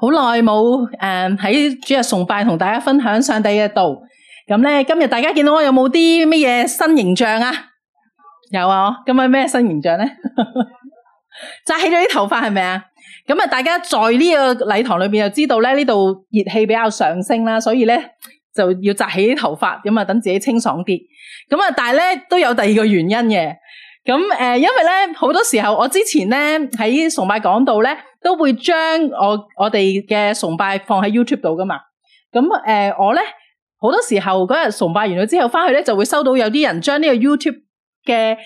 好耐冇誒喺主日崇拜同大家分享上帝嘅道，咁咧今日大家見到我有冇啲乜嘢新形象啊？有啊，咁係咩新形象咧？紮 起咗啲頭髮係咪啊？咁啊，大家在呢個禮堂裏邊就知道咧，呢度熱氣比較上升啦，所以咧就要紮起啲頭髮，咁啊等自己清爽啲。咁啊，但係咧都有第二個原因嘅。咁誒，因為咧好多時候我之前咧喺崇拜講道咧。都會將我我哋嘅崇拜放喺 YouTube 度噶嘛？咁誒、呃，我咧好多時候嗰日崇拜完咗之後，翻去咧就會收到有啲人將個呢個 YouTube 嘅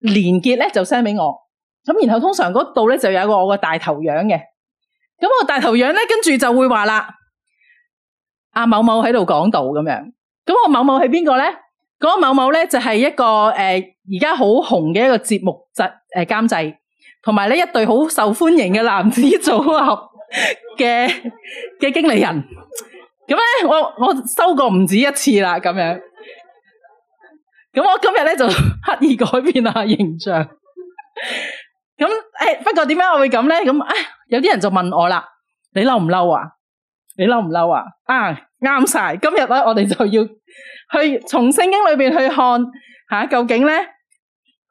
連結咧就 send 俾我。咁然後通常嗰度咧就有個我嘅大頭樣嘅。咁我大頭樣咧跟住就會話啦，阿、啊、某某喺度講道咁樣。咁我某某係邊個咧？嗰、那個某某咧就係、是、一個誒而家好紅嘅一個節目製誒監製。呃同埋咧，一對好受歡迎嘅男子組合嘅嘅經理人，咁咧我我收過唔止一次啦，咁樣。咁我今日咧就刻意改變下形象。咁誒，不過點解我會咁咧？咁啊，有啲人就問我啦：你嬲唔嬲啊？你嬲唔嬲啊？啊啱晒！今日咧，我哋就要去從聖經裏邊去看吓究竟咧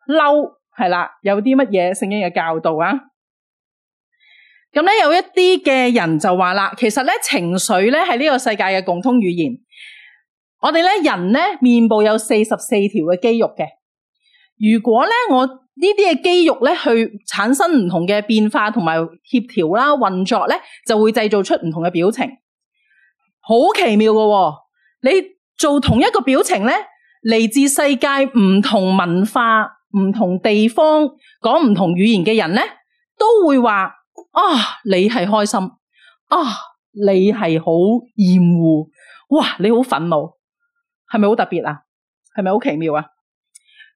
嬲。係啦，有啲乜嘢聖經嘅教導啊？咁、嗯、咧有一啲嘅人就話啦，其實咧情緒咧係呢個世界嘅共通語言。我哋咧人咧面部有四十四條嘅肌肉嘅。如果咧我呢啲嘅肌肉咧去產生唔同嘅變化同埋協調啦運作咧，就會製造出唔同嘅表情。好奇妙嘅、哦，你做同一個表情咧，嚟自世界唔同文化。唔同地方講唔同語言嘅人咧，都會話：啊，你係開心；啊，你係好厭惡；哇，你好憤怒，係咪好特別啊？係咪好奇妙啊？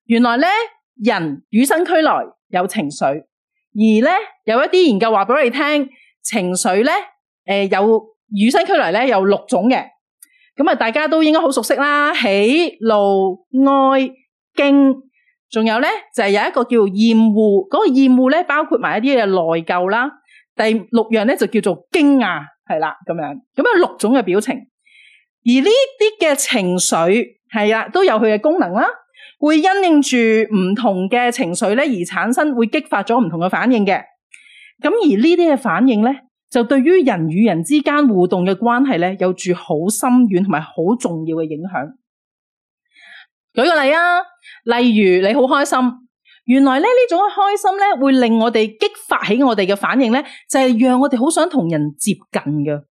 原來咧，人與生俱來有情緒，而咧有一啲研究話俾你聽，情緒咧，誒、呃，有與生俱來咧有六種嘅，咁啊，大家都應該好熟悉啦，喜、怒、哀、驚。仲有咧，就係有一個叫厭惡，嗰個厭惡咧包括埋一啲嘅內疚啦。第六樣咧就叫做驚訝，係啦咁樣，咁有六種嘅表情。而呢啲嘅情緒係啦，都有佢嘅功能啦，會因應住唔同嘅情緒咧而產生，會激發咗唔同嘅反應嘅。咁而呢啲嘅反應咧，就對於人與人之間互動嘅關係咧，有住好深遠同埋好重要嘅影響。舉個例啊！例如你好開心，原來咧呢種開心咧會令我哋激發起我哋嘅反應咧，就係讓我哋好想同人接近嘅，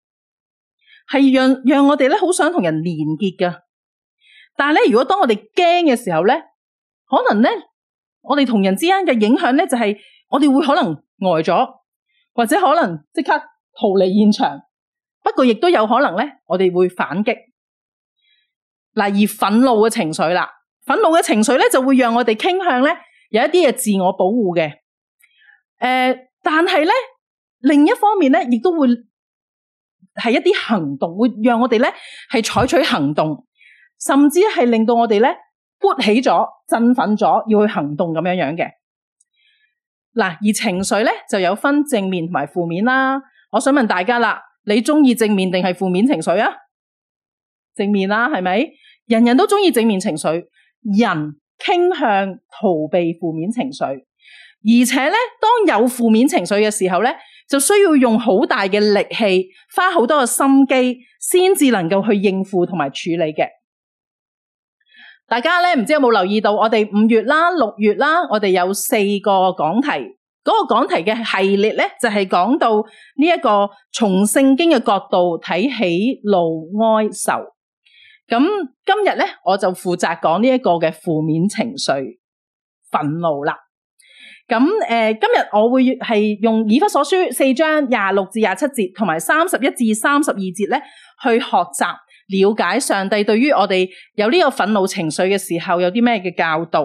係讓讓我哋咧好想同人連結嘅。但係咧，如果當我哋驚嘅時候咧，可能咧我哋同人之間嘅影響咧就係我哋會可能呆咗，或者可能即刻逃離現場。不過亦都有可能咧，我哋會反擊。例如憤怒嘅情緒啦。憤怒嘅情緒咧，就會讓我哋傾向咧有一啲嘅自我保護嘅。誒、呃，但係咧，另一方面咧，亦都會係一啲行動，會讓我哋咧係採取行動，甚至係令到我哋咧勃起咗，振奮咗，要去行動咁樣樣嘅。嗱，而情緒咧就有分正面同埋負面啦。我想問大家啦，你中意正面定係負面情緒啊？正面啦，啊，係咪？人人都中意正面情緒。人傾向逃避負面情緒，而且咧，當有負面情緒嘅時候咧，就需要用好大嘅力氣，花好多嘅心機，先至能夠去應付同埋處理嘅。大家咧，唔知有冇留意到，我哋五月啦、六月啦，我哋有四個講題，嗰個講題嘅系列咧，就係講到呢一個從聖經嘅角度睇喜怒哀愁。咁今日咧，我就負責講呢一個嘅負面情緒憤怒啦。咁誒，今日我會係用以弗所書四章廿六至廿七節，同埋三十一至三十二節咧，去學習了解上帝對於我哋有呢個憤怒情緒嘅時候，有啲咩嘅教導。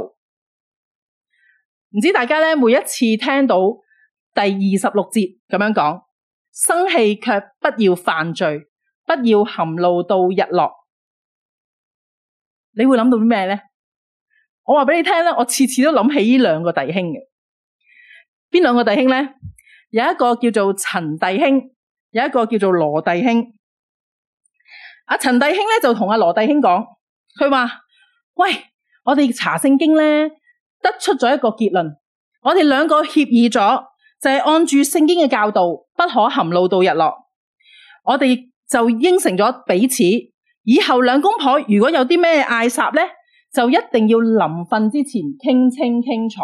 唔知大家咧，每一次聽到第二十六節咁樣講，生氣卻不要犯罪，不要含怒到日落。你會諗到啲咩咧？我話俾你聽啦，我次次都諗起呢兩個弟兄嘅。邊兩個弟兄咧？有一個叫做陳弟兄，有一個叫做羅弟兄。阿陳弟兄咧就同阿羅弟兄講，佢話：喂，我哋查聖經咧，得出咗一個結論。我哋兩個協議咗，就係按住聖經嘅教導，不可含怒到日落。我哋就應承咗彼此。以後兩公婆如果有啲咩嗌霎咧，就一定要臨瞓之前傾清清楚。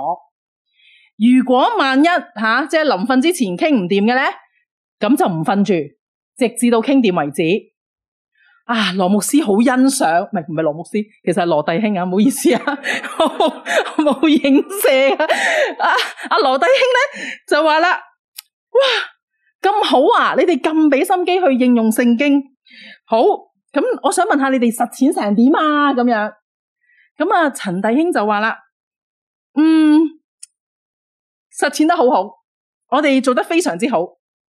如果萬一吓、啊，即係臨瞓之前傾唔掂嘅咧，咁就唔瞓住，直至到傾掂為止。啊，羅牧師好欣賞，唔係唔係羅牧師，其實係羅弟兄啊，唔好意思啊，冇影射啊。啊，阿、啊、羅弟兄咧就話啦，哇咁好啊，你哋咁俾心機去應用聖經，好。咁我想問下你哋實踐成點啊？咁樣，咁啊陳弟兄就話啦，嗯，實踐得好好，我哋做得非常之好。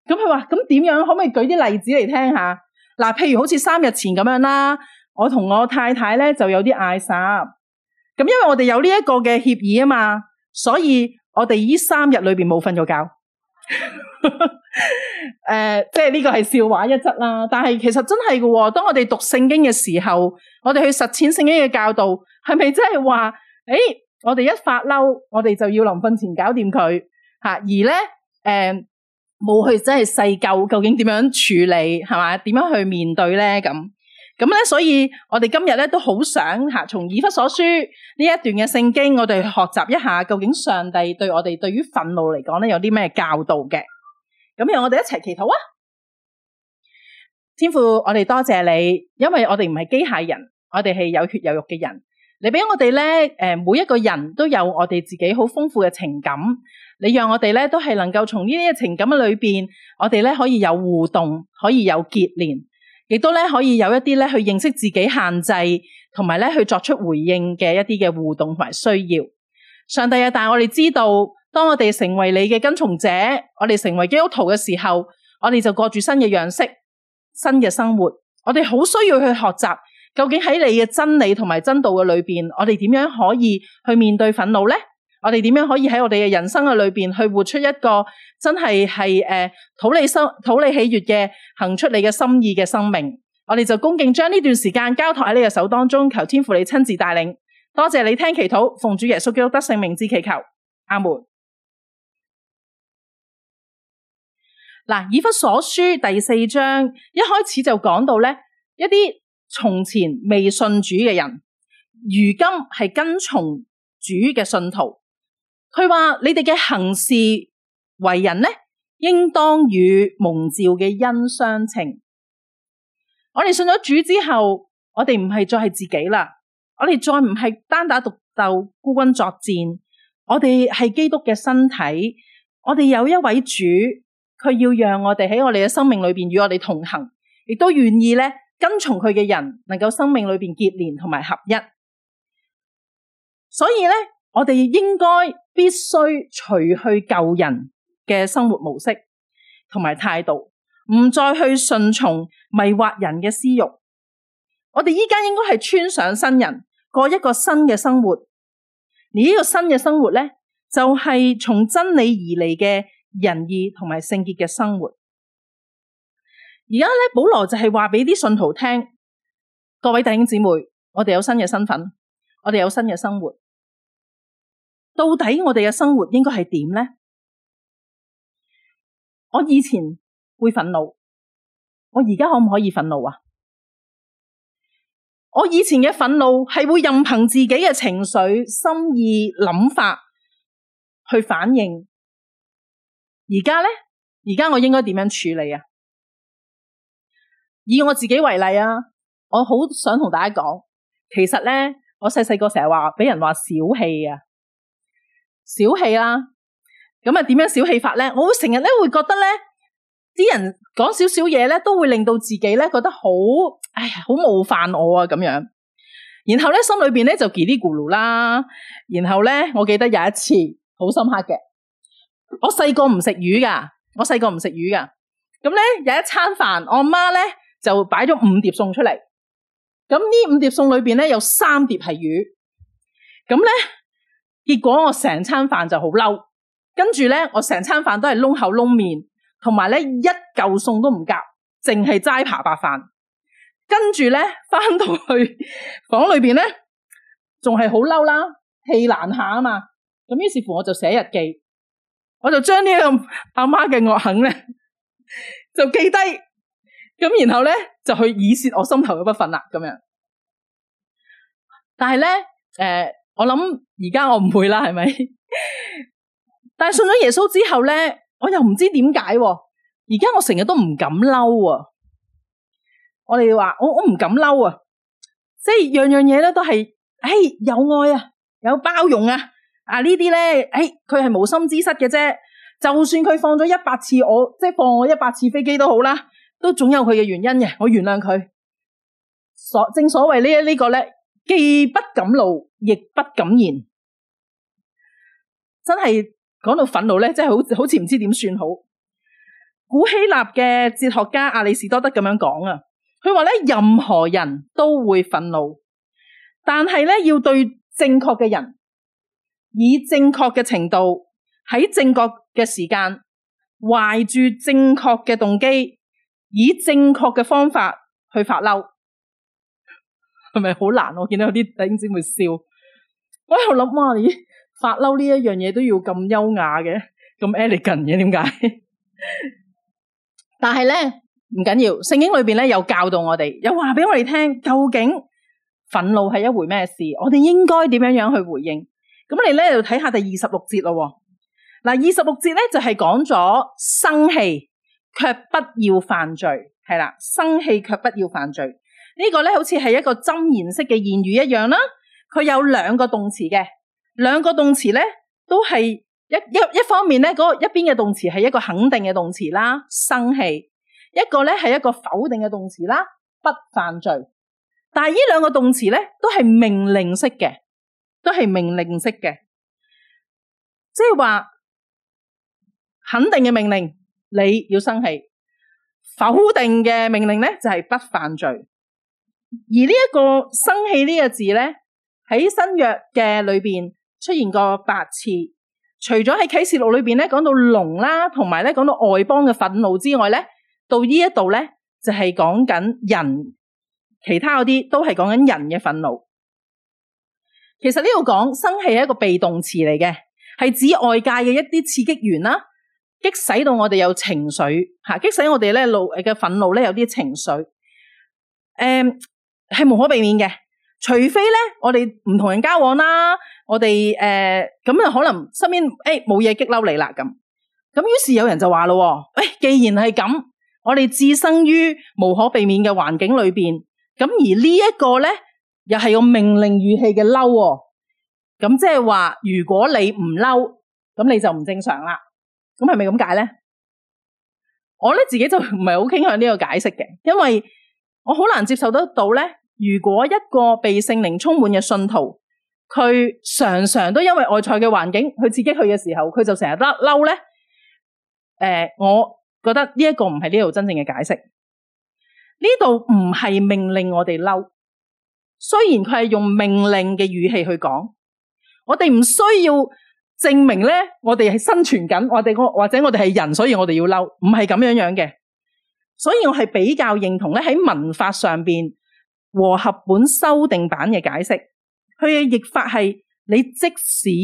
咁佢話咁點樣？可唔可以舉啲例子嚟聽下？嗱，譬如好似三日前咁樣啦，我同我太太咧就有啲嗌霎，咁因為我哋有呢一個嘅協議啊嘛，所以我哋依三日裏邊冇瞓咗覺。 誒、 呃，即係呢個係笑話一則啦。但係其實真係噶，當我哋讀聖經嘅時候，我哋去實踐聖經嘅教導，係咪真係話？誒、欸，我哋一發嬲，我哋就要臨瞓前搞掂佢吓，而咧誒冇去真係細究，究竟點樣處理係嘛？點樣去面對咧？咁咁咧，所以我哋今日咧都好想吓，從、啊、以弗所書呢一段嘅聖經，我哋學習一下究竟上帝對我哋對於憤怒嚟講咧有啲咩教導嘅？咁讓我哋一齊祈禱啊！天父，我哋多謝你，因為我哋唔係機械人，我哋係有血有肉嘅人。你俾我哋咧，誒，每一個人都有我哋自己好豐富嘅情感。你讓我哋咧，都係能夠從呢啲嘅情感裏邊，我哋咧可以有互動，可以有結連，亦都咧可以有一啲咧去認識自己限制，同埋咧去作出回應嘅一啲嘅互動同埋需要。上帝啊，但係我哋知道。當我哋成為你嘅跟從者，我哋成為基督徒嘅時候，我哋就過住新嘅樣式、新嘅生活。我哋好需要去學習，究竟喺你嘅真理同埋真道嘅裏邊，我哋點樣可以去面對憤怒呢？我哋點樣可以喺我哋嘅人生嘅裏邊去活出一個真係係誒，討你心、討你喜悦嘅，行出你嘅心意嘅生命？我哋就恭敬將呢段時間交託喺你嘅手當中，求天父你親自帶領。多謝你聽祈禱，奉主耶穌基督得聖名之祈求，阿門。嗱，《以弗所書》第四章一開始就講到咧，一啲從前未信主嘅人，如今係跟從主嘅信徒。佢話：你哋嘅行事為人呢，應當與蒙召嘅恩相稱。我哋信咗主之後，我哋唔係再係自己啦，我哋再唔係單打獨鬥、孤軍作戰，我哋係基督嘅身體，我哋有一位主。佢要讓我哋喺我哋嘅生命裏邊與我哋同行，亦都願意咧跟從佢嘅人，能夠生命裏邊結連同埋合一。所以咧，我哋應該必須除去舊人嘅生活模式同埋態度，唔再去順從迷惑人嘅私欲。我哋依家應該係穿上新人，過一個新嘅生活。而、這、呢個新嘅生活咧，就係從真理而嚟嘅。仁義同埋聖潔嘅生活，而家咧保羅就係話俾啲信徒聽：各位弟兄姊妹，我哋有新嘅身份，我哋有新嘅生活。到底我哋嘅生活應該係點呢？我以前會憤怒，我而家可唔可以憤怒啊？我以前嘅憤怒係會任憑自己嘅情緒、心意、諗法去反應。而家咧，而家我應該點樣處理啊？以我自己為例啊，我好想同大家講，其實咧，我細細個成日話俾人話小氣啊，小氣啦。咁啊，點樣小氣法咧？我會成日咧會覺得咧，啲人講少少嘢咧，都會令到自己咧覺得好，哎呀，好冒犯我啊咁樣。然後咧，心裏邊咧就嘰哩咕嚕啦。然後咧，我記得有一次好深刻嘅。我細個唔食魚噶，我細個唔食魚噶。咁咧有一餐飯，我媽咧就擺咗五碟餸出嚟，咁呢五碟餸裏邊咧有三碟係魚。咁咧結果我成餐飯就好嬲，跟住咧我成餐飯都係窿口窿面，同埋咧一嚿餸都唔夾，淨係齋扒白飯。跟住咧翻到去房裏邊咧，仲係好嬲啦，氣難下啊嘛。咁於是乎我就寫日記。我就將呢個阿媽嘅惡行咧，就記低，咁然後咧就去以泄我心頭嘅不忿啦，咁樣。但係咧，誒、呃，我諗而家我唔會啦，係咪？ 但係信咗耶穌之後咧，我又唔知點解、啊，而家我成日都唔敢嬲啊！我哋話我我唔敢嬲啊，即係樣樣嘢咧都係，誒、哎，有愛啊，有包容啊。啊！呢啲咧，誒、哎，佢係無心之失嘅啫。就算佢放咗一百次我，我即係放我一百次飛機都好啦，都總有佢嘅原因嘅。我原諒佢。所正所謂，這個，呢一呢個咧，既不敢怒，亦不敢言。真係講到憤怒咧，真係好好似唔知點算好。古希臘嘅哲學家阿里士多德咁樣講啊，佢話咧，任何人都會憤怒，但係咧要對正確嘅人，以正確嘅程度，喺正確嘅時間，懷住正確嘅動機，以正確嘅方法去發嬲，係咪好難？我見到有啲弟兄姊妹笑，哎、我喺度諗：哇，你發嬲呢一樣嘢，都要咁優雅嘅，咁 elegant 嘅，點解？ 但係咧唔緊要，聖經裏邊咧有教導我哋，有話俾我哋聽，究竟憤怒係一回咩事？我哋應該點樣樣去回應？咁你咧就睇下第二十六節咯。嗱，二十六節咧就係講咗生氣，卻不要犯罪，係啦，生氣卻不要犯罪。這個、呢個咧好似係一個箴言式嘅言語一樣啦。佢有兩個動詞嘅，兩個動詞咧都係一一一方面咧嗰個一邊嘅動詞係一個肯定嘅動詞啦，生氣；一個咧係一個否定嘅動詞啦，不犯罪。但係呢兩個動詞咧都係命令式嘅。都係命令式嘅，即係話肯定嘅命令你要生氣，否定嘅命令咧就係不犯罪。而呢一個生氣呢個字咧喺新約嘅裏邊出現過八次，除咗喺啟示錄裏邊咧講到龍啦，同埋咧講到外邦嘅憤怒之外咧，到呢一度咧就係講緊人，其他嗰啲都係講緊人嘅憤怒。其實呢度講生氣係一個被動詞嚟嘅，係指外界嘅一啲刺激源啦，激使到我哋有情緒吓，激使我哋咧怒誒嘅憤怒咧有啲情緒，誒、呃、係無可避免嘅，除非咧我哋唔同人交往啦，我哋誒咁啊可能身邊誒冇嘢激嬲你啦咁，咁於是有人就話咯，喂、哎、既然係咁，我哋置身於無可避免嘅環境裏邊，咁而呢一個咧。又係用命令語氣嘅嬲，咁即係話，如果你唔嬲，咁你就唔正常啦。咁係咪咁解呢？我咧自己就唔係好傾向呢個解釋嘅，因為我好難接受得到咧。如果一個被聖靈充滿嘅信徒，佢常常都因為外在嘅環境去刺激佢嘅時候，佢就成日得嬲咧。誒、呃，我覺得呢一個唔係呢度真正嘅解釋。呢度唔係命令我哋嬲。雖然佢係用命令嘅語氣去講，我哋唔需要證明咧，我哋係生存緊，我哋或者我哋係人，所以我哋要嬲，唔係咁樣樣嘅。所以我係比較認同咧，喺文法上面和合本修訂版嘅解釋，佢嘅譯法係你即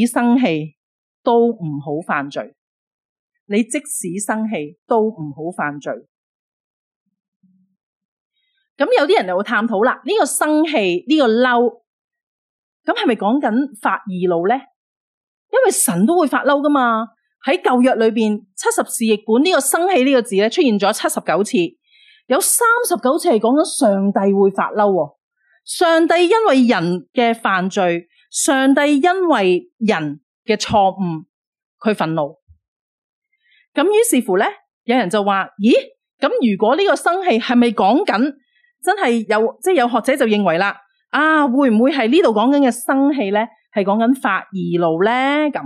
使生氣都唔好犯罪，你即使生氣都唔好犯罪。咁有啲人就會探討啦，呢個生氣呢個嬲，咁係咪講緊發怒呢？因為神都會發嬲噶嘛，喺舊約裏邊，七十士譯本呢個生氣呢個字咧出現咗七十九次，有三十九次係講緊上帝會發嬲，上帝因為人嘅犯罪，上帝因為人嘅錯誤，佢憤怒。咁於是乎咧，有人就話：咦，咁如果呢個生氣係咪講緊？真係有，即係有學者就認為啦，啊，會唔會係呢度講緊嘅生氣呢？係講緊法二路呢？咁，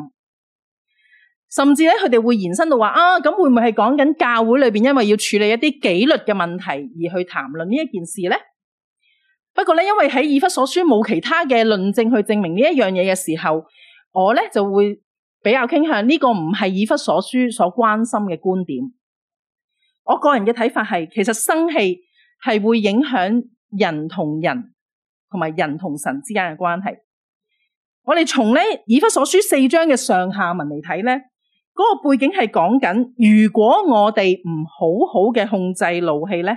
甚至咧佢哋會延伸到話啊，咁會唔會係講緊教會裏邊因為要處理一啲紀律嘅問題而去談論呢一件事呢？不過咧，因為喺以弗所書冇其他嘅論證去證明呢一樣嘢嘅時候，我咧就會比較傾向呢個唔係以弗所書所關心嘅觀點。我個人嘅睇法係，其實生氣。係會影響人同人，同埋人同神之間嘅關係。我哋從咧以弗所書四章嘅上下文嚟睇咧，嗰個背景係講緊，如果我哋唔好好嘅控制怒氣咧，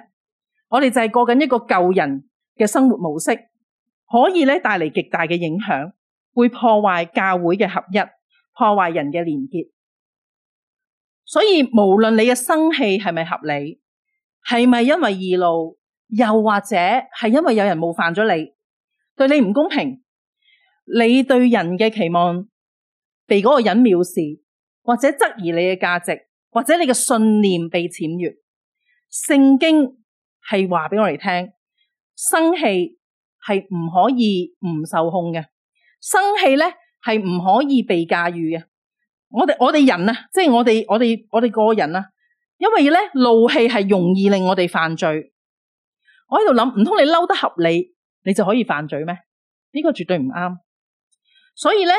我哋就係過緊一個舊人嘅生活模式，可以咧帶嚟極大嘅影響，會破壞教會嘅合一，破壞人嘅連結。所以無論你嘅生氣係咪合理？係咪因為易怒？又或者係因為有人冒犯咗你，對你唔公平？你對人嘅期望被嗰個人藐視，或者質疑你嘅價值，或者你嘅信念被僭越？聖經係話俾我哋聽，生氣係唔可以唔受控嘅，生氣咧係唔可以被駕馭嘅。我哋我哋人啊，即係我哋我哋我哋個人啊。因為咧，怒氣係容易令我哋犯罪。我喺度諗，唔通你嬲得合理，你就可以犯罪咩？呢個絕對唔啱。所以咧，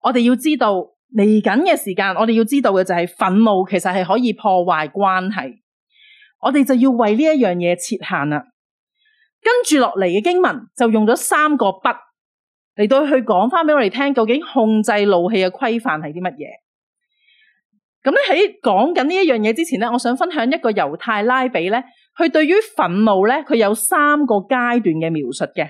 我哋要知道嚟緊嘅時間，我哋要知道嘅就係憤怒，其實係可以破壞關係。我哋就要為呢一樣嘢設限啦。跟住落嚟嘅經文就用咗三個筆嚟到去講翻俾我哋聽，究竟控制怒氣嘅規範係啲乜嘢？咁咧喺講緊呢一樣嘢之前咧，我想分享一個猶太拉比咧，佢對於憤怒咧，佢有三個階段嘅描述嘅。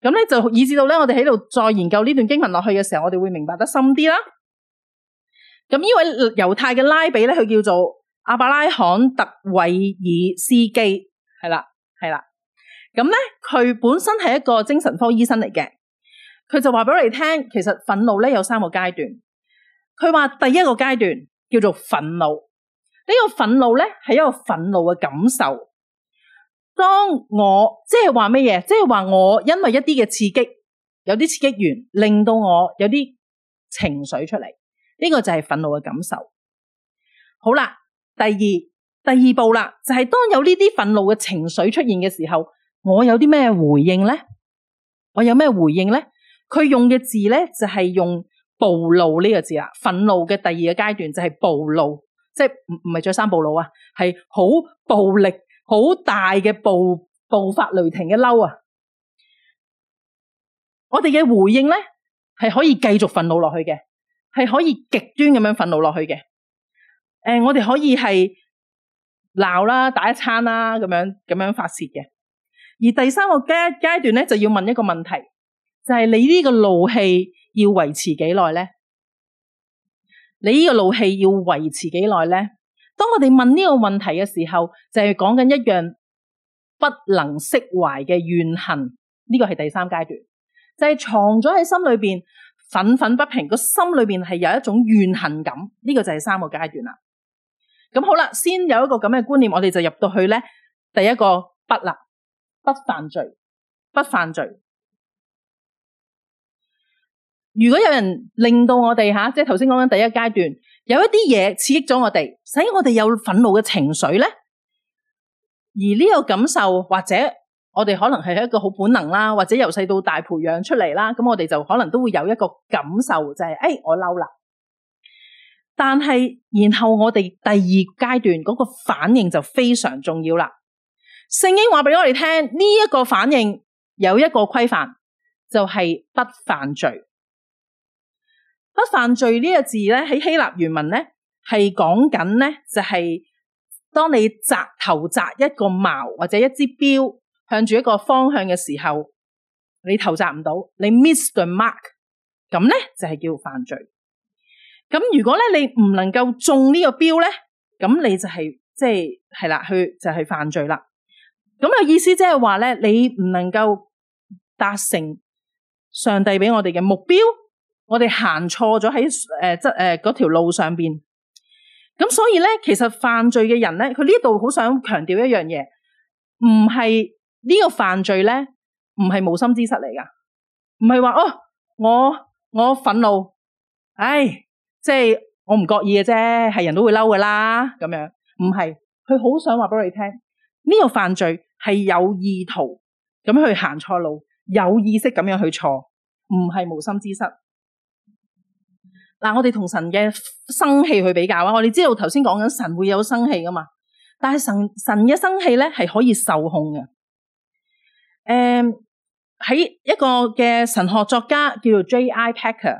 咁咧就以至到咧，我哋喺度再研究呢段經文落去嘅時候，我哋會明白得深啲啦。咁呢位猶太嘅拉比咧，佢叫做亞伯拉罕特維爾斯基，係啦係啦。咁咧佢本身係一個精神科醫生嚟嘅，佢就話俾我哋聽，其實憤怒咧有三個階段。佢話第一個階段叫做憤怒，這個、憤怒呢個憤怒呢係一個憤怒嘅感受。當我即係話乜嘢，即係話我因為一啲嘅刺激，有啲刺激源令到我有啲情緒出嚟，呢、這個就係憤怒嘅感受。好啦，第二第二步啦，就係、是、當有呢啲憤怒嘅情緒出現嘅時候，我有啲咩回應呢？我有咩回應呢？佢用嘅字呢就係、是、用。暴怒呢個字啊，憤怒嘅第二個階段就係暴怒，即係唔唔係再三暴怒啊，係好暴力、好大嘅暴爆發雷霆嘅嬲啊！我哋嘅回應咧係可以繼續憤怒落去嘅，係可以極端咁樣憤怒落去嘅。誒，我哋可以係鬧啦、打一餐啦，咁樣咁樣發洩嘅。而第三個階階段咧，就要問一個問題，就係、是、你呢個怒氣。要維持幾耐呢？你呢個怒氣要維持幾耐呢？當我哋問呢個問題嘅時候，就係講緊一樣不能釋懷嘅怨恨。呢個係第三階段，就係、是、藏咗喺心裏邊，憤憤不平。個心裏邊係有一種怨恨感。呢個就係三個階段啦。咁好啦，先有一個咁嘅觀念，我哋就入到去呢：第一個不立，不犯罪，不犯罪。如果有人令到我哋吓、啊，即係頭先講緊第一階段，有一啲嘢刺激咗我哋，使我哋有憤怒嘅情緒咧。而呢個感受，或者我哋可能係一個好本能啦，或者由細到大培養出嚟啦。咁我哋就可能都會有一個感受，就係、是、誒、哎，我嬲啦。但係然後我哋第二階段嗰、那個反應就非常重要啦。聖經話俾我哋聽，呢、這、一個反應有一個規範，就係、是、不犯罪。不犯罪呢個字咧，喺希臘原文咧係講緊咧，就係、是、當你扎頭扎一個矛或者一支標，向住一個方向嘅時候，你投扎唔到，你 miss the mark，咁咧就係、是、叫犯罪。咁如果咧你唔能夠中呢個標咧，咁你就係即係係啦，去就係、是就是、犯罪啦。咁嘅意思即係話咧，你唔能夠達成上帝俾我哋嘅目標。我哋行錯咗喺誒，即係誒嗰條路上邊。咁所以咧，其實犯罪嘅人咧，佢呢度好想強調一樣嘢，唔係呢個犯罪咧，唔係無心之失嚟噶，唔係話哦，我我憤怒，唉，即係我唔覺意嘅啫，係人都會嬲噶啦，咁樣唔係，佢好想話俾你聽，呢個犯罪係有意圖，咁去行錯路，有意識咁樣去錯，唔係無心之失。嗱，我哋同神嘅生氣去比較啊！我哋知道頭先講緊神會有生氣噶嘛，但係神神嘅生氣咧係可以受控嘅。誒、嗯，喺一個嘅神學作家叫做 J.I. Packer，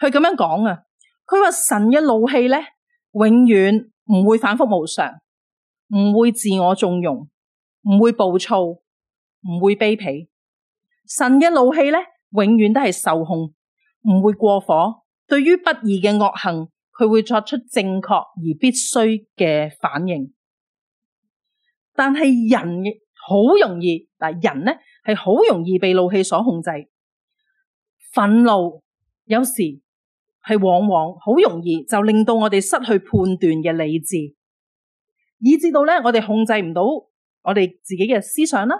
佢咁樣講啊。佢話神嘅怒氣咧，永遠唔會反覆無常，唔會自我縱容，唔會暴躁，唔會卑鄙。神嘅怒氣咧，永遠都係受控，唔會過火。對於不義嘅惡行，佢會作出正確而必須嘅反應。但係人好容易，但係人咧係好容易被怒氣所控制。憤怒有時係往往好容易就令到我哋失去判斷嘅理智，以至到咧我哋控制唔到我哋自己嘅思想啦，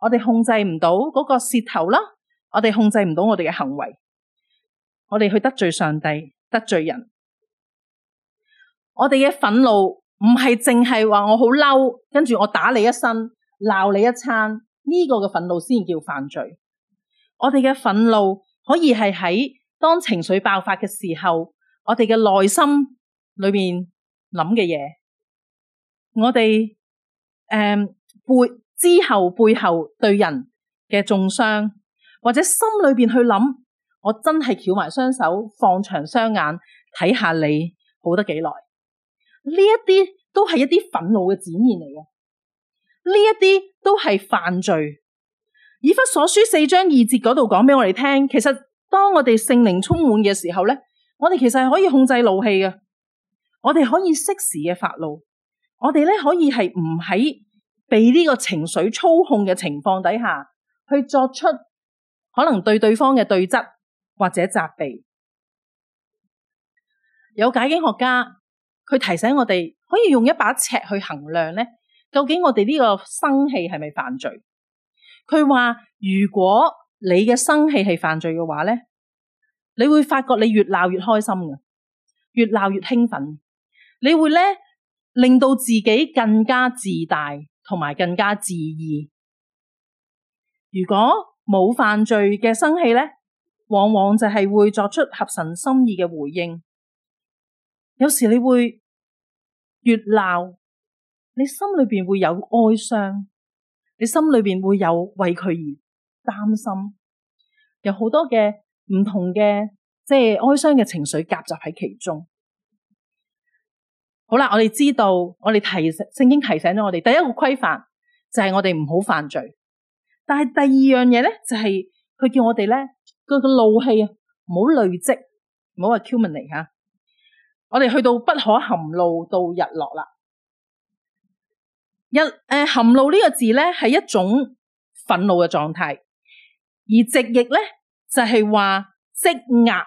我哋控制唔到嗰個舌頭啦，我哋控制唔到我哋嘅行為。我哋去得罪上帝、得罪人，我哋嘅憤怒唔係淨係話我好嬲，跟住我打你一身，鬧你一餐，呢個嘅憤怒先叫犯罪。我哋嘅憤怒可以係喺當情緒爆發嘅時候，我哋嘅內心裏面諗嘅嘢，我哋誒、呃、背之後背後對人嘅重傷，或者心裏邊去諗。我真係翹埋雙手，放長雙眼睇下你好得幾耐？呢一啲都係一啲憤怒嘅展現嚟嘅，呢一啲都係犯罪。以弗所書四章二節嗰度講俾我哋聽，其實當我哋聖靈充滿嘅時候咧，我哋其實係可以控制怒氣嘅，我哋可以適時嘅發怒，我哋咧可以係唔喺被呢個情緒操控嘅情況底下，去作出可能對對方嘅對質。或者責備，有解經學家佢提醒我哋可以用一把尺去衡量咧，究竟我哋呢個生氣係咪犯罪？佢話：如果你嘅生氣係犯罪嘅話咧，你會發覺你越鬧越開心嘅，越鬧越興奮，你會咧令到自己更加自大同埋更加自義。如果冇犯罪嘅生氣咧？往往就係會作出合神心意嘅回應，有時你會越鬧，你心裏邊會有哀傷，你心裏邊會有為佢而擔心，有好多嘅唔同嘅，即係哀傷嘅情緒夾雜喺其中。好啦，我哋知道，我哋提聖經提醒咗我哋，第一個規範就係我哋唔好犯罪，但係第二樣嘢呢就係、是、佢叫我哋呢。佢個怒氣啊，唔好累積，唔好話 cumulatively 吓。我哋去到不可含怒到日落啦。日誒、呃，含怒呢個字咧係一種憤怒嘅狀態，而直液咧就係話積壓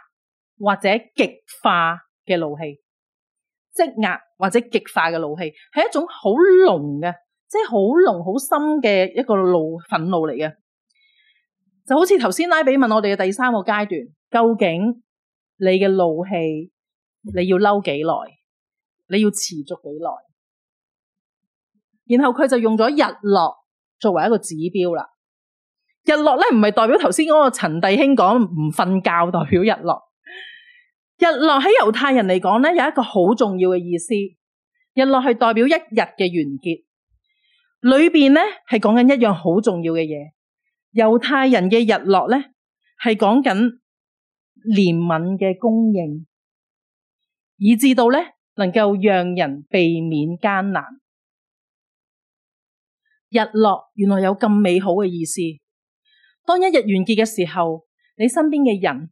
或者極化嘅怒氣，積壓或者極化嘅怒氣係一種好濃嘅，即係好濃好深嘅一個怒憤怒嚟嘅。就好似頭先拉比問我哋嘅第三個階段，究竟你嘅怒氣你要嬲幾耐，你要持續幾耐？然後佢就用咗日落作為一個指標啦。日落咧唔係代表頭先嗰個陳弟兄講唔瞓覺代表日落。日落喺猶太人嚟講咧有一個好重要嘅意思，日落係代表一日嘅完結。裏邊咧係講緊一樣好重要嘅嘢。猶太人嘅日落呢，係講緊憐憫嘅供應，以至到呢能夠讓人避免艱難。日落原來有咁美好嘅意思。當一日完結嘅時候，你身邊嘅人，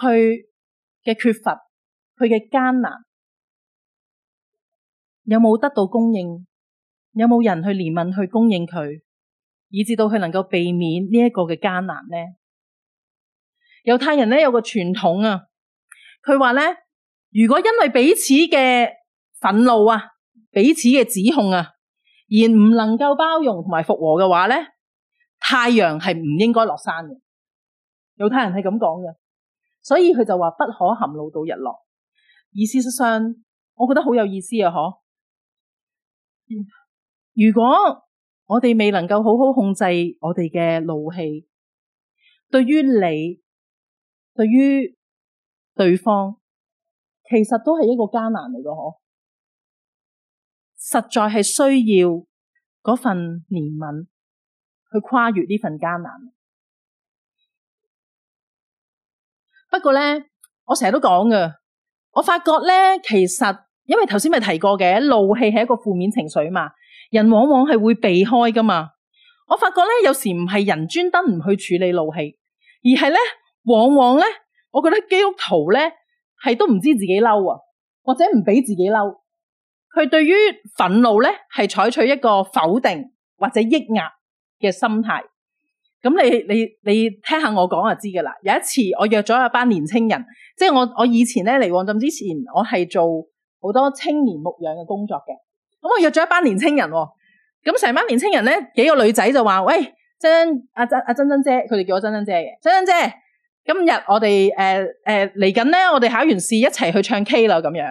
佢嘅缺乏、佢嘅艱難，有冇得到供應？有冇人去憐憫去供應佢？以至到佢能夠避免呢一個嘅艱難咧，猶太人咧有個傳統啊，佢話咧，如果因為彼此嘅憤怒啊、彼此嘅指控啊，而唔能夠包容同埋復和嘅話咧，太陽係唔應該落山嘅。猶太人係咁講嘅，所以佢就話不可含怒到日落。事實上，我覺得好有意思啊！嗬，如果，我哋未能夠好好控制我哋嘅怒氣，對於你，對於對方，其實都係一個艱難嚟嘅，嗬！實在係需要嗰份憐憫去跨越呢份艱難。不過咧，我成日都講嘅，我發覺咧，其實因為頭先咪提過嘅，怒氣係一個負面情緒嘛。人往往係會避開噶嘛，我發覺咧，有時唔係人專登唔去處理怒氣，而係咧，往往咧，我覺得基督徒咧係都唔知自己嬲啊，或者唔俾自己嬲，佢對於憤怒咧係採取一個否定或者抑壓嘅心態。咁你你你聽下我講就知噶啦。有一次我約咗一班年青人，即係我我以前咧嚟旺浸之前，我係做好多青年牧養嘅工作嘅。咁我約咗一班年青人，哦，咁成班年青人咧，幾個女仔就話，喂，珍阿珍阿珍、啊、珍珍姐，佢哋叫我珍珍姐嘅，珍珍姐，今日我哋誒誒嚟緊咧，呃呃、我哋考完試一齊去唱 K 啦，咁樣。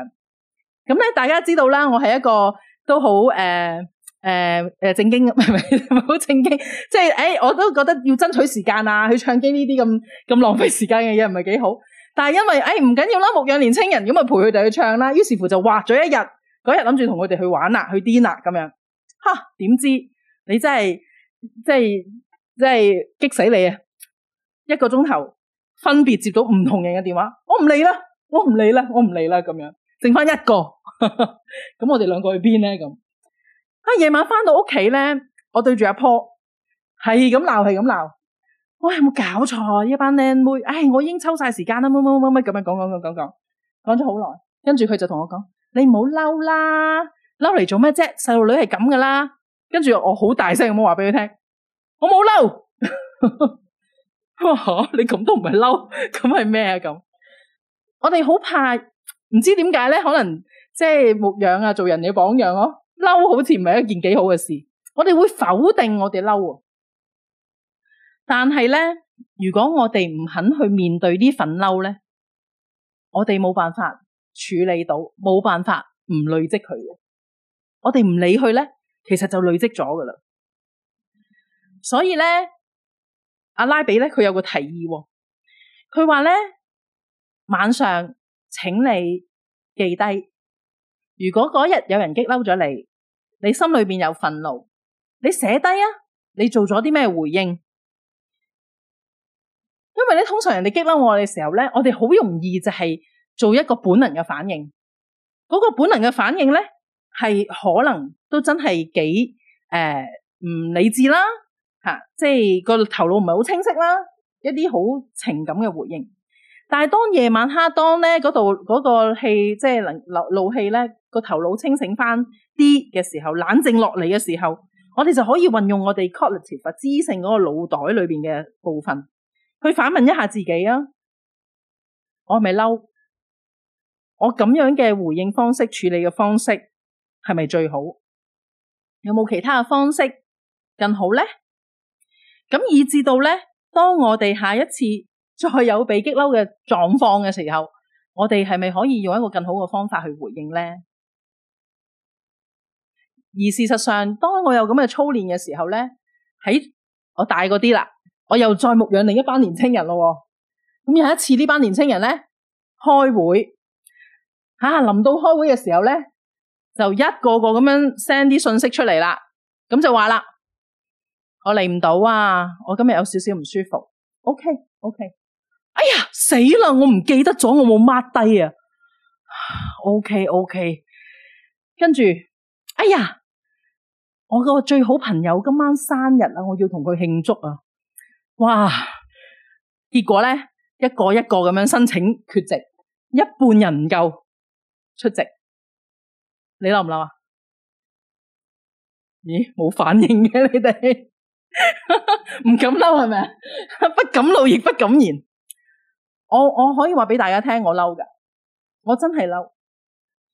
咁咧，大家知道啦，我係一個都好誒誒誒正經，唔係唔好正經，即係誒，我都覺得要爭取時間啊，去唱 K 呢啲咁咁浪費時間嘅嘢，唔係幾好。但係因為誒唔緊要啦，牧養年青人，咁咪陪佢哋去唱啦。于是乎就畫咗一日。嗰日諗住同佢哋去玩啦、啊，去癲啦咁樣，哈！點知你真係真係真係激死你啊！一個鐘頭分別接到唔同人嘅電話，我唔理啦，我唔理啦，我唔理啦咁樣，剩翻，一個，咁 我哋兩個去邊咧咁？啊，夜晚翻到屋企咧，我對住阿婆係咁鬧，係咁鬧，我、哎、有冇搞錯？一班靚妹，唉、哎，我已經抽晒時間啦，乜乜乜乜咁樣講講講講講，講咗好耐，跟住佢就同我講。你唔好嬲啦，嬲嚟做咩啫？細路女係咁噶啦，跟住我好大聲咁話俾佢聽，我冇嬲、 啊。你咁都唔係嬲，咁係咩啊？咁我哋好怕，唔知點解咧？可能即係、就是、牧養啊，做人嘅榜樣哦、啊，嬲好似唔係一件幾好嘅事。我哋會否定我哋嬲，但係咧，如果我哋唔肯去面對呢份嬲咧，我哋冇辦法。處理到冇辦法唔累積佢嘅，我哋唔理佢咧，其實就累積咗噶啦。所以咧，阿拉比咧佢有個提議，佢話咧晚上請你記低，如果嗰日有人激嬲咗你，你心裏邊有憤怒，你寫低啊，你做咗啲咩回應？因為咧，通常人哋激嬲我嘅時候咧，我哋好容易就係、是。做一個本能嘅反應，嗰、那個本能嘅反應咧，係可能都真係幾誒唔、呃、理智啦，吓、啊，即係個頭腦唔係好清晰啦，一啲好情感嘅回應。但係當夜晚黑當咧，嗰度嗰個氣，即係能漏怒氣咧，個頭腦清醒翻啲嘅時候，冷靜落嚟嘅時候，我哋就可以運用我哋 cognitive 知性嗰個腦袋裏邊嘅部分，去反問一下自己啊，我係咪嬲？我咁樣嘅回應方式，處理嘅方式係咪最好？有冇其他嘅方式更好呢？咁以至到呢，當我哋下一次再有被激嬲嘅狀況嘅時候，我哋係咪可以用一個更好嘅方法去回應呢？而事實上，當我有咁嘅操練嘅時候呢，喺我大嗰啲啦，我又再牧養另一班年青人咯。咁有一次呢班年青人呢，開會。吓！臨、啊、到開會嘅時候咧，就一個個咁樣 send 啲信息出嚟啦。咁就話啦，我嚟唔到啊，我今日有少少唔舒服。OK，OK、okay, okay.。哎呀，死啦！我唔記得咗，我冇抹低啊。OK，OK、okay, okay.。跟住，哎呀，我個最好朋友今晚生日啦，啊，我要同佢慶祝啊。哇！結果咧，一個一個咁樣申請缺席，一半人唔夠。出席，你嬲唔嬲啊？咦，冇反應嘅你哋，唔 敢嬲係咪？ 不敢怒亦不敢言。我我可以話俾大家聽，我嬲㗎，我真係嬲。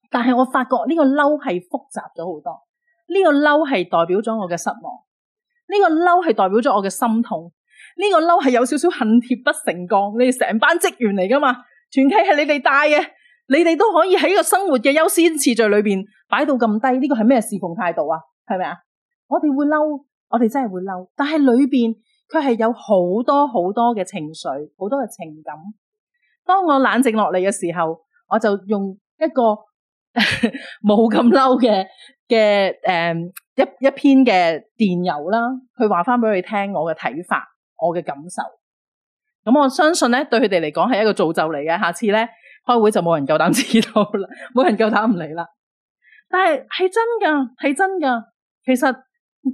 但係我發覺呢個嬲係複雜咗好多，呢個嬲係代表咗我嘅失望，呢個嬲係代表咗我嘅心痛，呢個嬲係有少少恨鐵不成鋼。你哋成班職員嚟噶嘛？團契係你哋帶嘅。你哋都可以喺個生活嘅優先次序裏邊擺到咁低，呢個係咩侍奉態度啊？係咪啊？我哋會嬲，我哋真係會嬲，但係裏邊佢係有好多好多嘅情緒，好多嘅情感。當我冷靜落嚟嘅時候，我就用一個冇咁嬲嘅嘅誒一一篇嘅電郵啦，去話翻俾佢聽我嘅睇法，我嘅感受。咁我相信咧，對佢哋嚟講係一個造就嚟嘅。下次咧。開會就冇人夠膽知道遲到啦，冇人夠膽唔嚟啦。但係係真噶係真噶其實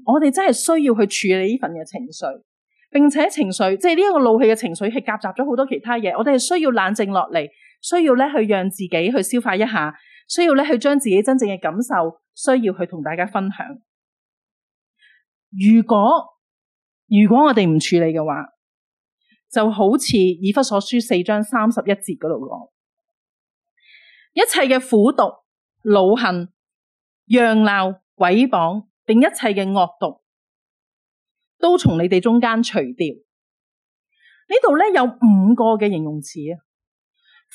我哋真係需要去處理呢份嘅情緒，並且情緒即係呢一個怒氣嘅情緒，係夾雜咗好多其他嘢。我哋係需要冷靜落嚟，需要咧去讓自己去消化一下，需要咧去將自己真正嘅感受需要去同大家分享。如果如果我哋唔處理嘅話，就好似以弗所書四章三十一節嗰度講。一切嘅苦毒、惱恨、嚷鬧、毀謗，並一切嘅惡毒，都從你哋中間除掉。呢度咧有五個嘅形容詞啊！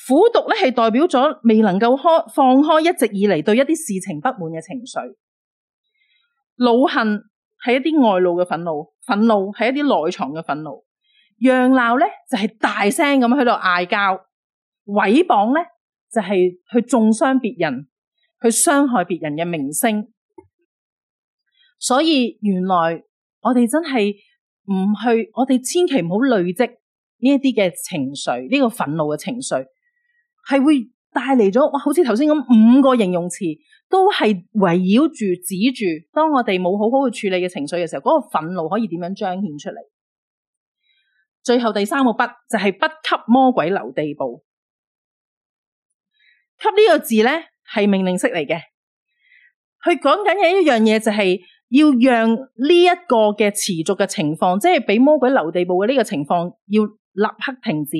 苦毒咧係代表咗未能夠開放開，一直以嚟對一啲事情不滿嘅情緒，惱恨係一啲外露嘅憤怒，憤怒係一啲內藏嘅憤怒，嚷鬧咧就係大聲咁喺度嗌交，毀謗咧，就係去中傷別人，去傷害別人嘅名聲，所以原來我哋真係唔去，我哋千祈唔好累積呢一啲嘅情緒，呢個憤怒嘅情緒係會帶嚟咗。哇，好似頭先咁五個形容詞都係圍繞住指住，當我哋冇好好去處理嘅情緒嘅時候，嗰個憤怒可以點樣彰顯出嚟？最後第三個筆就係不給魔鬼留地步。給呢個字咧係命令式嚟嘅，佢講緊嘅一樣嘢就係、是、要讓呢一個嘅持續嘅情況，即係俾魔鬼留地步嘅呢個情況，要立刻停止。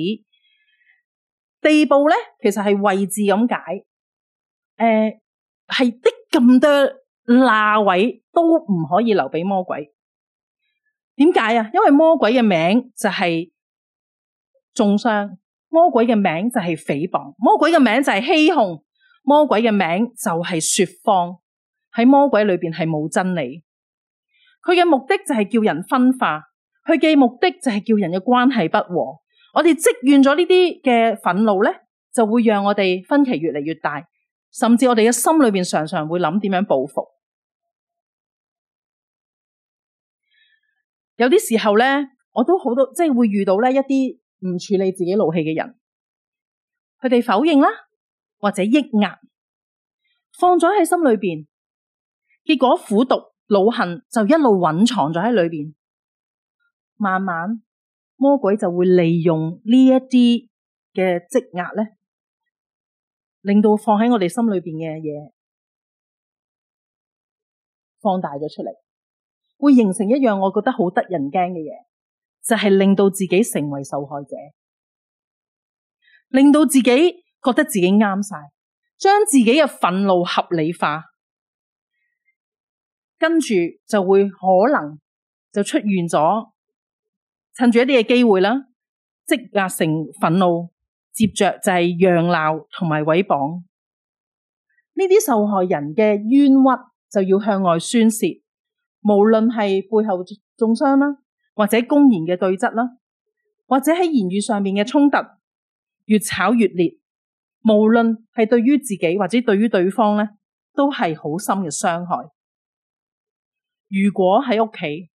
地步咧其實係位置咁解，誒、呃、係的咁多罅位都唔可以留俾魔鬼。點解啊？因為魔鬼嘅名就係中傷。魔鬼嘅名就係誹謗，魔鬼嘅名就係欺哄，魔鬼嘅名就係說謊。喺魔鬼裏邊係冇真理，佢嘅目的就係叫人分化，佢嘅目的就係叫人嘅關係不和。我哋積怨咗呢啲嘅憤怒咧，就會讓我哋分歧越嚟越大，甚至我哋嘅心裏邊常常會諗點樣報復。有啲時候咧，我都好多，即係會遇到咧一啲。唔處理自己怒氣嘅人，佢哋否認啦，或者抑壓，放咗喺心裏邊，結果苦毒、惱恨就一路隱藏咗喺裏邊，慢慢魔鬼就會利用呢一啲嘅積壓咧，令到放喺我哋心裏邊嘅嘢放大咗出嚟，會形成一樣我覺得好得人驚嘅嘢。就係令到自己成為受害者，令到自己覺得自己啱晒，將自己嘅憤怒合理化，跟住就會可能就出現咗趁住一啲嘅機會啦，積壓成憤怒，接着就係讓鬧同埋毀謗，呢啲受害人嘅冤屈就要向外宣洩，無論係背後中傷，啦。或者公然嘅對質啦，或者喺言語上面嘅衝突越炒越烈，無論係對於自己或者對於對方咧，都係好深嘅傷害。如果喺屋企，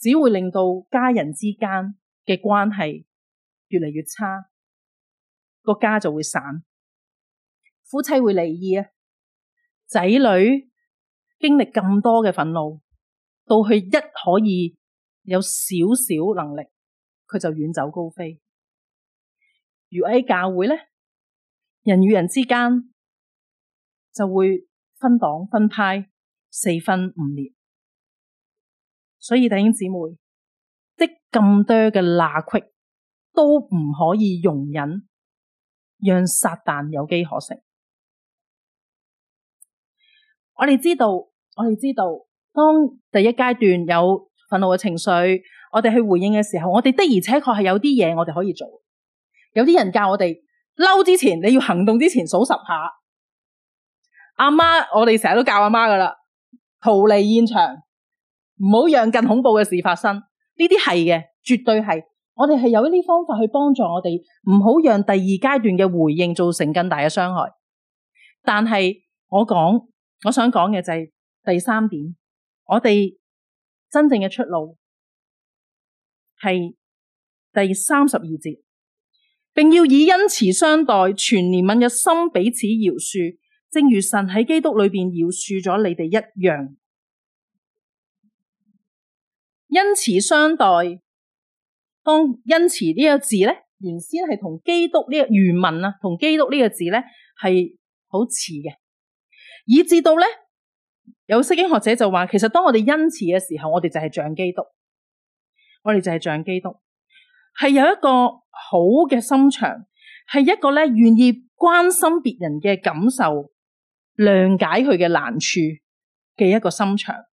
只會令到家人之間嘅關係越嚟越差，個家就會散，夫妻會離異啊，仔女經歷咁多嘅憤怒。到佢一可以有少少能力，佢就遠走高飛。如果喺教會咧，人與人之間就會分黨分派，四分五裂。所以弟兄姊妹，即咁多嘅罅隙都唔可以容忍，讓撒旦有機可乘。我哋知道，我哋知道。當第一階段有憤怒嘅情緒，我哋去回應嘅時候，我哋的而且確係有啲嘢，我哋可以做。有啲人教我哋嬲之前，你要行動之前數十下。阿媽，我哋成日都教阿媽㗎喇，逃離現場，唔好讓更恐怖嘅事發生。呢啲係嘅，絕對係。我哋係有一啲方法去幫助我哋，唔好讓第二階段嘅回應造成更大嘅傷害。但係我講，我想講嘅就係第三點。我哋真正嘅出路係第三十二節，並要以恩慈相待，存憐憫嘅心彼此饒恕，正如神喺基督裏邊饒恕咗你哋一樣。恩慈相待，當恩慈呢個字咧，原先係同基督呢個原文啊，同基督呢個字咧係好似嘅，以至到咧。有聖經學者就話，其實當我哋恩慈嘅時候，我哋就係像基督，我哋就係像基督，係有一個好嘅心腸，係一個咧願意關心別人嘅感受，諒解佢嘅難處嘅一個心腸。而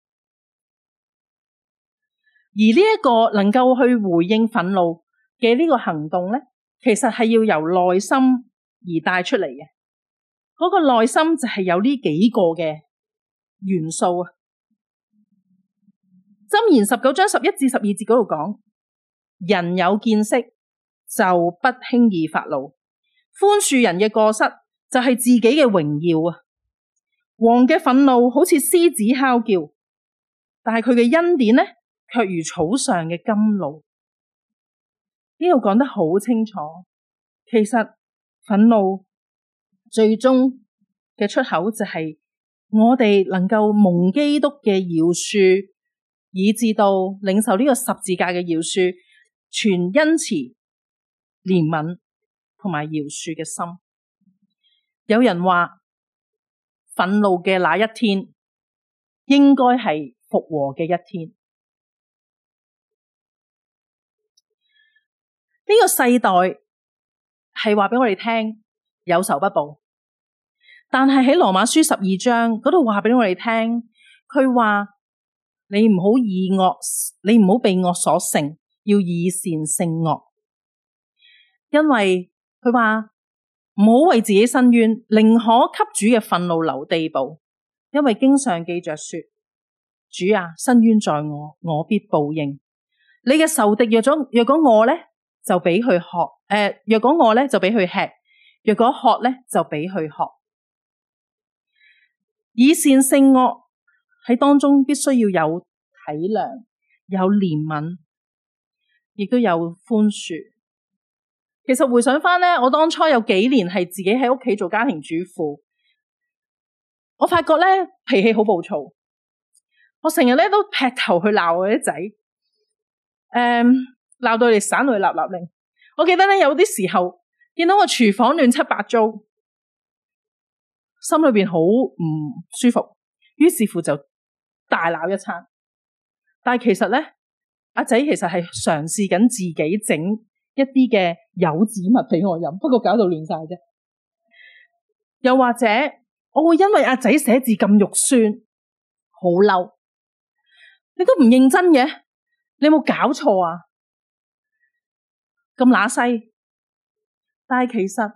呢一個能夠去回應憤怒嘅呢個行動咧，其實係要由內心而帶出嚟嘅。嗰個內心就係有呢幾個嘅。元素啊，箴言十九章十一至十二節嗰度講，人有見識就不輕易發怒，寬恕人嘅過失就係、是、自己嘅榮耀啊。王嘅憤怒好似獅子哮叫，但係佢嘅恩典呢，卻如草上嘅甘露。呢度講得好清楚，其實憤怒最終嘅出口就係、是。我哋能夠蒙基督嘅饒恕，以至到領受呢個十字架嘅饒恕，全恩慈、憐憫同埋饒恕嘅心。有人話憤怒嘅那一天，應該係復和嘅一天。呢、這個世代係話俾我哋聽，有仇不報。但係喺羅馬書十二章嗰度話俾我哋聽，佢話你唔好以惡，你唔好被惡所勝，要以善勝惡。因為佢話唔好為自己申冤，寧可給主嘅憤怒留地步。因為經常記着說，主啊，申冤在我，我必報應。你嘅仇敵若咗若果我咧，就俾佢喝；誒、呃，若果我咧就俾佢吃；若果喝咧就俾佢喝。以善勝惡喺當中，必須要有體諒、有憐憫，亦都有寬恕。其實回想翻咧，我當初有幾年係自己喺屋企做家庭主婦，我發覺咧脾氣好暴躁，我成日咧都劈頭去鬧我啲仔，誒、嗯、鬧到哋省內立立令。我記得咧有啲時候見到我廚房亂七八糟。心裏邊好唔舒服，於是乎就大鬧一餐。但係其實咧，阿仔其實係嘗試緊自己整一啲嘅柚子蜜俾我飲，不過搞到亂晒啫。又或者我會因為阿仔寫字咁肉酸，好嬲，你都唔認真嘅，你有冇搞錯啊？咁乸西。但係其實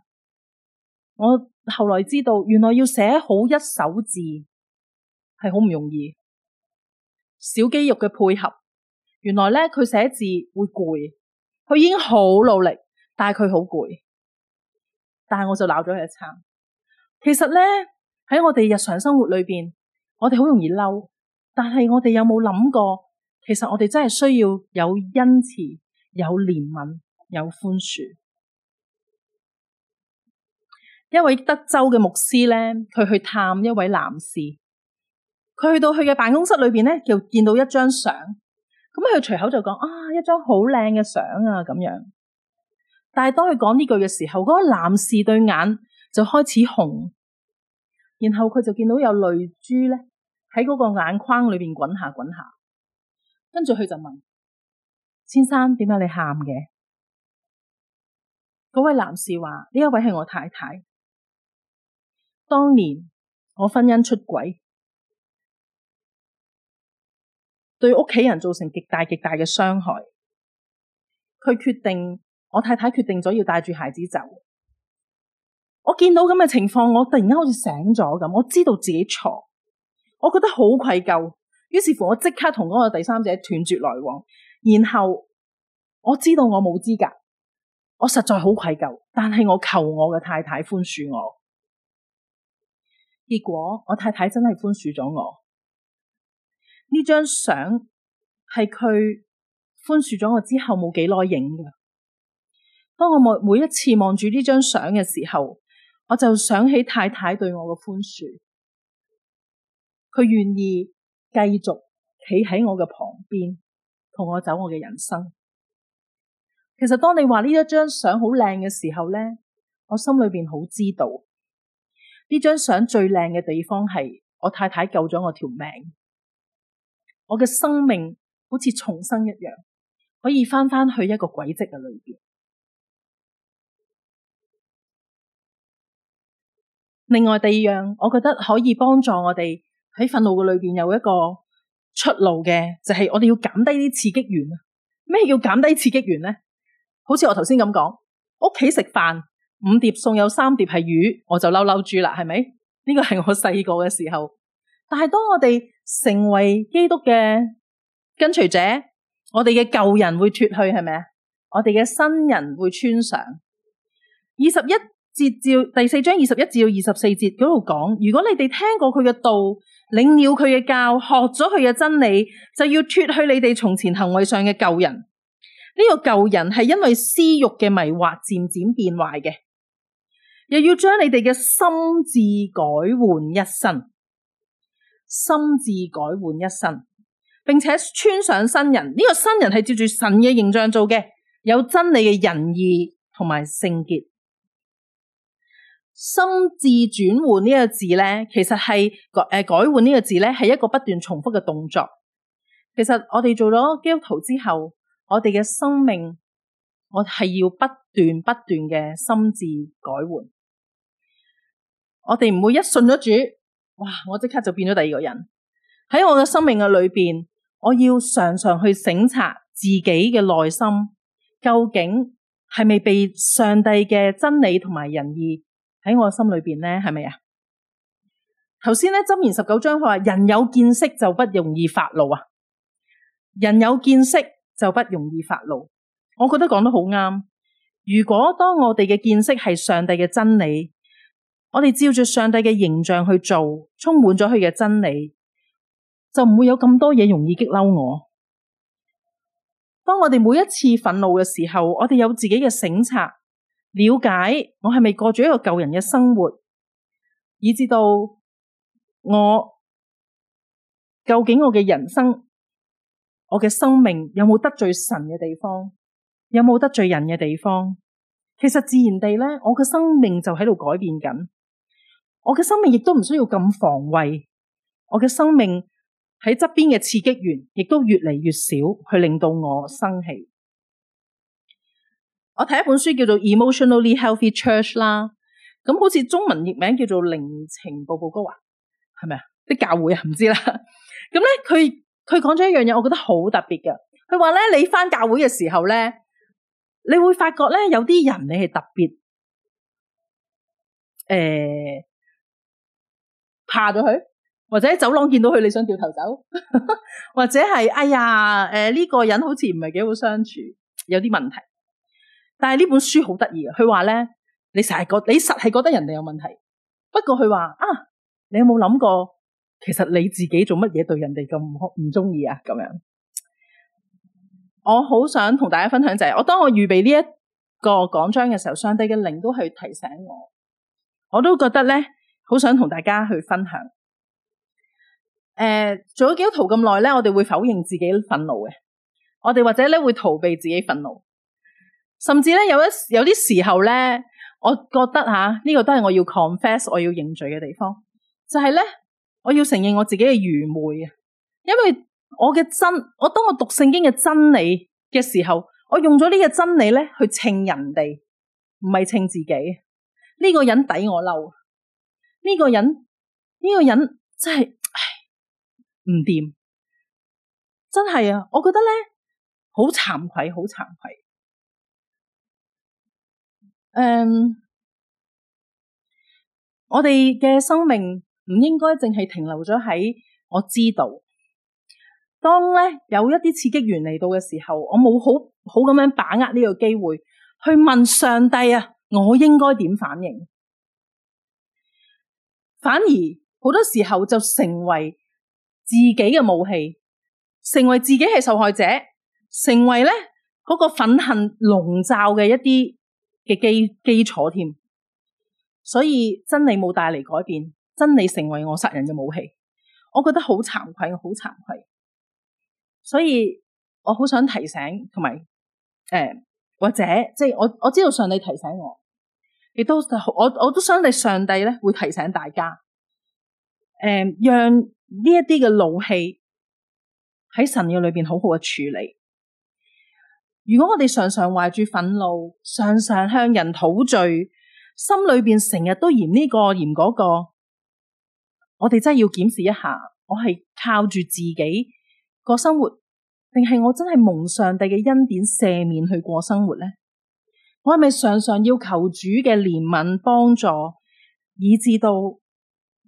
我。後來知道，原來要寫好一手字係好唔容易，小肌肉嘅配合。原來咧佢寫字會攰，佢已經好努力，但係佢好攰。但係我就鬧咗佢一餐。其實咧喺我哋日常生活裏邊，我哋好容易嬲，但係我哋有冇諗過？其實我哋真係需要有恩慈、有憐憫、有寬恕。一位德州嘅牧師咧，佢去探一位男士，佢去到佢嘅辦公室裏邊咧，就見到一張相，咁佢隨口就講啊，一張好靚嘅相啊咁樣。但係當佢講呢句嘅時候，嗰、嗰個男士對眼就開始紅，然後佢就見到有淚珠咧喺嗰個眼眶裏邊滾下滾下，跟住佢就問：先生，點解你喊嘅？嗰位男士話：呢一位係我太太。當年我婚姻出軌，對屋企人造成極大極大嘅傷害。佢決定，我太太決定咗要帶住孩子走。我見到咁嘅情況，我突然間好似醒咗咁，我知道自己錯，我覺得好愧疚。於是乎，我即刻同嗰個第三者斷絕來往。然後我知道我冇資格，我實在好愧疚。但係我求我嘅太太寬恕我。結果我太太真係寬恕咗我，呢張相係佢寬恕咗我之後冇幾耐影嘅。當我每每一次望住呢張相嘅時候，我就想起太太對我嘅寬恕，佢願意繼續企喺我嘅旁邊，同我走我嘅人生。其實當你話呢一張相好靚嘅時候咧，我心裏邊好知道。呢張相最靚嘅地方係我太太救咗我條命，我嘅生命好似重生一樣，可以翻返去一個軌跡嘅裏邊。另外第二樣，我覺得可以幫助我哋喺憤怒嘅裏邊有一個出路嘅，就係我哋要減低啲刺激源啊。咩叫減低刺激源呢？好似我頭先咁講，屋企食飯。五碟餸有三碟係魚，我就嬲嬲住啦，係咪？呢個係我細個嘅時候。但係當我哋成為基督嘅跟隨者，我哋嘅舊人會脫去，係咪啊？我哋嘅新人會穿上。二十一節，照第四章二十一至到二十四節嗰度講，如果你哋聽過佢嘅道，領了佢嘅教，學咗佢嘅真理，就要脫去你哋從前行為上嘅舊人。呢、這個舊人係因為私欲嘅迷惑漸漸，漸漸變壞嘅。又要將你哋嘅心智改換一身，心智改換一身，並且穿上新人。呢個新人係照住神嘅形象做嘅，有真理嘅仁義同埋聖潔。心智轉換呢個字咧，其實係改誒改換呢個字咧，係一個不斷重複嘅動作。其實我哋做咗基督徒之後，我哋嘅生命。我係要不斷不斷嘅心智改換，我哋唔會一信咗主，哇！我即刻就變咗第二個人。喺我嘅生命嘅裏邊，我要常常去省察自己嘅內心，究竟係咪被上帝嘅真理同埋仁義喺我心裏邊呢？係咪啊？頭先呢，箴言十九章佢話：人有見識就不容易發怒啊！人有見識就不容易發怒。我覺得講得好啱。如果當我哋嘅見識係上帝嘅真理，我哋照住上帝嘅形象去做，充滿咗佢嘅真理，就唔會有咁多嘢容易激嬲我。當我哋每一次憤怒嘅時候，我哋有自己嘅省察，了解我係咪過咗一個舊人嘅生活，以至到我究竟我嘅人生、我嘅生命有冇得罪神嘅地方？有冇得罪人嘅地方？其實自然地咧，我嘅生命就喺度改變緊，我嘅生命亦都唔需要咁防衛。我嘅生命喺側邊嘅刺激源亦都越嚟越少，去令到我生氣。我睇一本書叫做《Emotionally Healthy Church》啦，咁好似中文譯名叫做《靈情步步高》啊，係咪啊？啲、就是、教會啊，唔知啦。咁 咧，佢佢講咗一樣嘢，我覺得好特別嘅。佢話咧，你翻教會嘅時候咧。你會發覺咧，有啲人你係特別誒，怕咗佢，或者走廊見到佢，你想掉頭走， 或者係哎呀，誒、呃、呢、呢個人好似唔係幾好相處，有啲問題。但係呢本書好得意啊，佢話咧，你，你實係覺你實係覺得人哋有問題。不過佢話啊，你有冇諗過，其實你自己做乜嘢對人哋咁唔唔中意啊？咁樣。我好想同大家分享就係、是，我當我預備呢一個講章嘅時候，上帝嘅靈都係提醒我，我都覺得咧好想同大家去分享。誒、呃，做咗基督徒咁耐咧，我哋會否認自己憤怒嘅，我哋或者咧會逃避自己憤怒，甚至咧有一有啲時候咧，我覺得吓呢、啊這個都係我要 confess 我要認罪嘅地方，就係、是、咧我要承認我自己嘅愚昧啊，因為。我嘅真，我當我讀聖經嘅真理嘅時候，我用咗呢個真理咧去稱人哋，唔係稱自己。呢個人抵我嬲，呢個人呢個人真係唉唔掂，真係啊！我覺得咧好慚愧，好慚愧。誒、um，我哋嘅生命唔應該淨係停留咗喺我知道。當咧有一啲刺激源嚟到嘅時候，我冇好好咁樣把握呢個機會去問上帝啊，我應該點反應？反而好多時候就成為自己嘅武器，成為自己係受害者，成為咧嗰、那個憤恨籠罩嘅一啲嘅基基礎添。所以真理冇帶嚟改變，真理成為我殺人嘅武器。我覺得好慚愧，好慚愧。所以我好想提醒，同埋誒，或者即係我我知道上帝提醒我，亦都我我都相信上帝咧會提醒大家，誒、呃，讓呢一啲嘅怒氣喺神嘅裏邊好好嘅處理。如果我哋常常懷住憤怒，常常向人討罪，心裏邊成日都嫌呢個嫌嗰個，我哋真係要檢視一下，我係靠住自己過生活，定係我真係蒙上帝嘅恩典赦免去過生活咧？我係咪常常要求主嘅憐憫幫助，以致到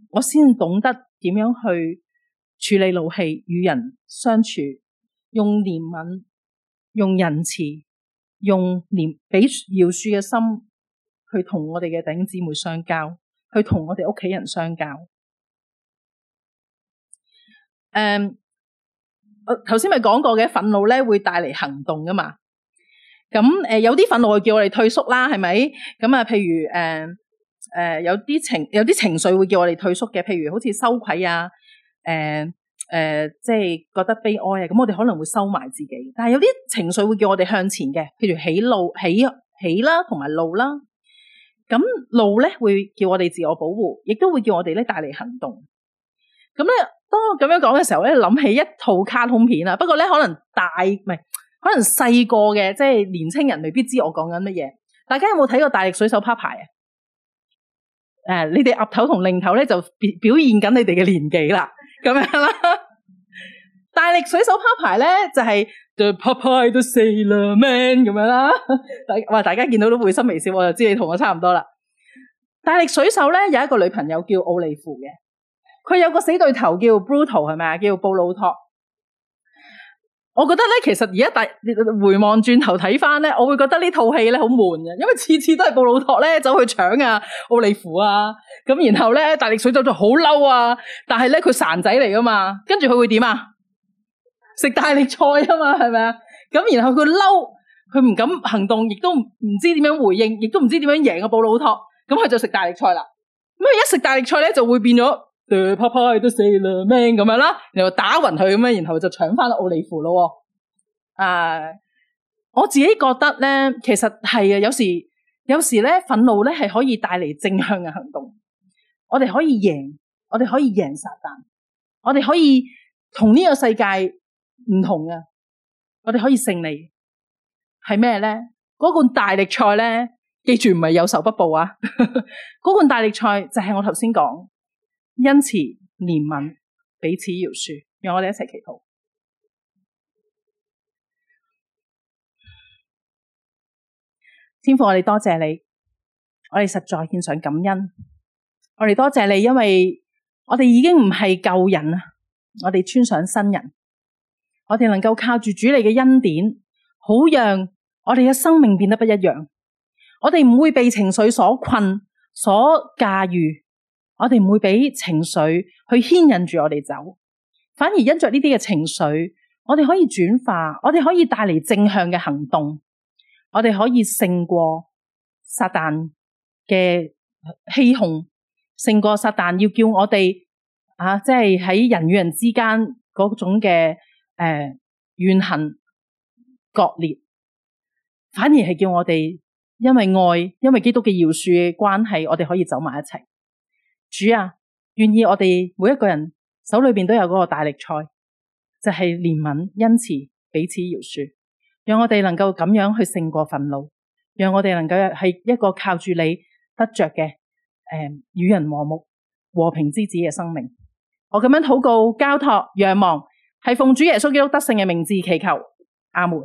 我先懂得點樣去處理怒氣、與人相處，用憐憫、用仁慈、用憐俾饒恕嘅心去同我哋嘅弟兄姊妹相交，去同我哋屋企人相交？誒、um,。我頭先咪講過嘅憤怒咧，會帶嚟行動噶嘛？咁誒，有啲憤怒會叫我哋退縮啦，係咪？咁啊，譬如誒誒、呃呃，有啲情有啲情緒會叫我哋退縮嘅，譬如好似羞愧啊，誒、呃、誒、呃，即係覺得悲哀啊，咁我哋可能會收埋自己。但係有啲情緒會叫我哋向前嘅，譬如喜怒喜喜啦，同埋怒啦。咁怒咧會叫我哋自我保護，亦都會叫我哋咧帶嚟行動。咁咧。咁樣講嘅時候咧，諗起一套卡通片啊。不過咧，可能大唔係，可能細個嘅，即係年青人未必知我講緊乜嘢。大家有冇睇過大力水手拋牌啊？誒，你哋岌頭同擰頭咧，就表表現緊你哋嘅年紀啦，咁樣啦。大力水手拋牌咧，就係 the Popeye the Sailor Man 咁樣啦。哇，大家見到都會心微笑，我就知你同我差唔多啦。大力水手咧有一個女朋友叫奧利芙嘅。佢有個死對頭叫 Bruto 係咪啊？叫布魯托。我覺得咧，其實而家大回望轉頭睇翻咧，我會覺得呢套戲咧好悶啊，因為次次都係布魯托咧走去搶啊奧利芙啊，咁、啊、然後咧大力水手就好嬲啊。但係咧佢孱仔嚟噶嘛，跟住佢會點啊？食大力菜啊嘛係咪啊？咁然後佢嬲，佢唔敢行動，亦都唔知點樣回應，亦都唔知點樣贏啊布魯托。咁佢就食大力菜啦。咁佢一食大力菜咧就會變咗。對，啪啪都死啦，咩咁樣啦？然後打暈佢咁樣，然後就搶翻奧利弗咯、啊。啊，我自己覺得咧，其實係啊，有時有時咧，憤怒咧係可以帶嚟正向嘅行動。我哋可以贏，我哋可以贏撒旦，我哋可以同呢個世界唔同啊，我哋可以勝利。係咩咧？嗰罐大力菜咧，記住唔係有仇不報啊！嗰 罐大力菜就係我頭先講。因此，憐憫彼此饒恕，讓我哋一齊祈禱。天父，我哋多謝你，我哋實在獻上感恩。我哋多謝你，因為我哋已經唔係舊人啊！我哋穿上新人，我哋能夠靠住主理嘅恩典，好讓我哋嘅生命變得不一樣。我哋唔會被情緒所困、所駕馭。我哋唔會俾情緒去牽引住我哋走，反而因着呢啲嘅情緒，我哋可以轉化，我哋可以帶嚟正向嘅行動，我哋可以勝過撒旦嘅欺哄，勝過撒旦要叫我哋啊，即係喺人與人之間嗰種嘅誒、呃、怨恨割裂，反而係叫我哋因為愛，因為基督嘅饒恕嘅關係，我哋可以走埋一齊。主啊，願意我哋每一個人手裏邊都有嗰個大力菜，就係憐憫恩慈彼此饒恕，讓我哋能夠咁樣去勝過憤怒，讓我哋能夠係一個靠住你得着嘅誒、呃、與人和睦和平之子嘅生命。我咁樣禱告交託仰望，係奉主耶穌基督得勝嘅名字祈求，阿門。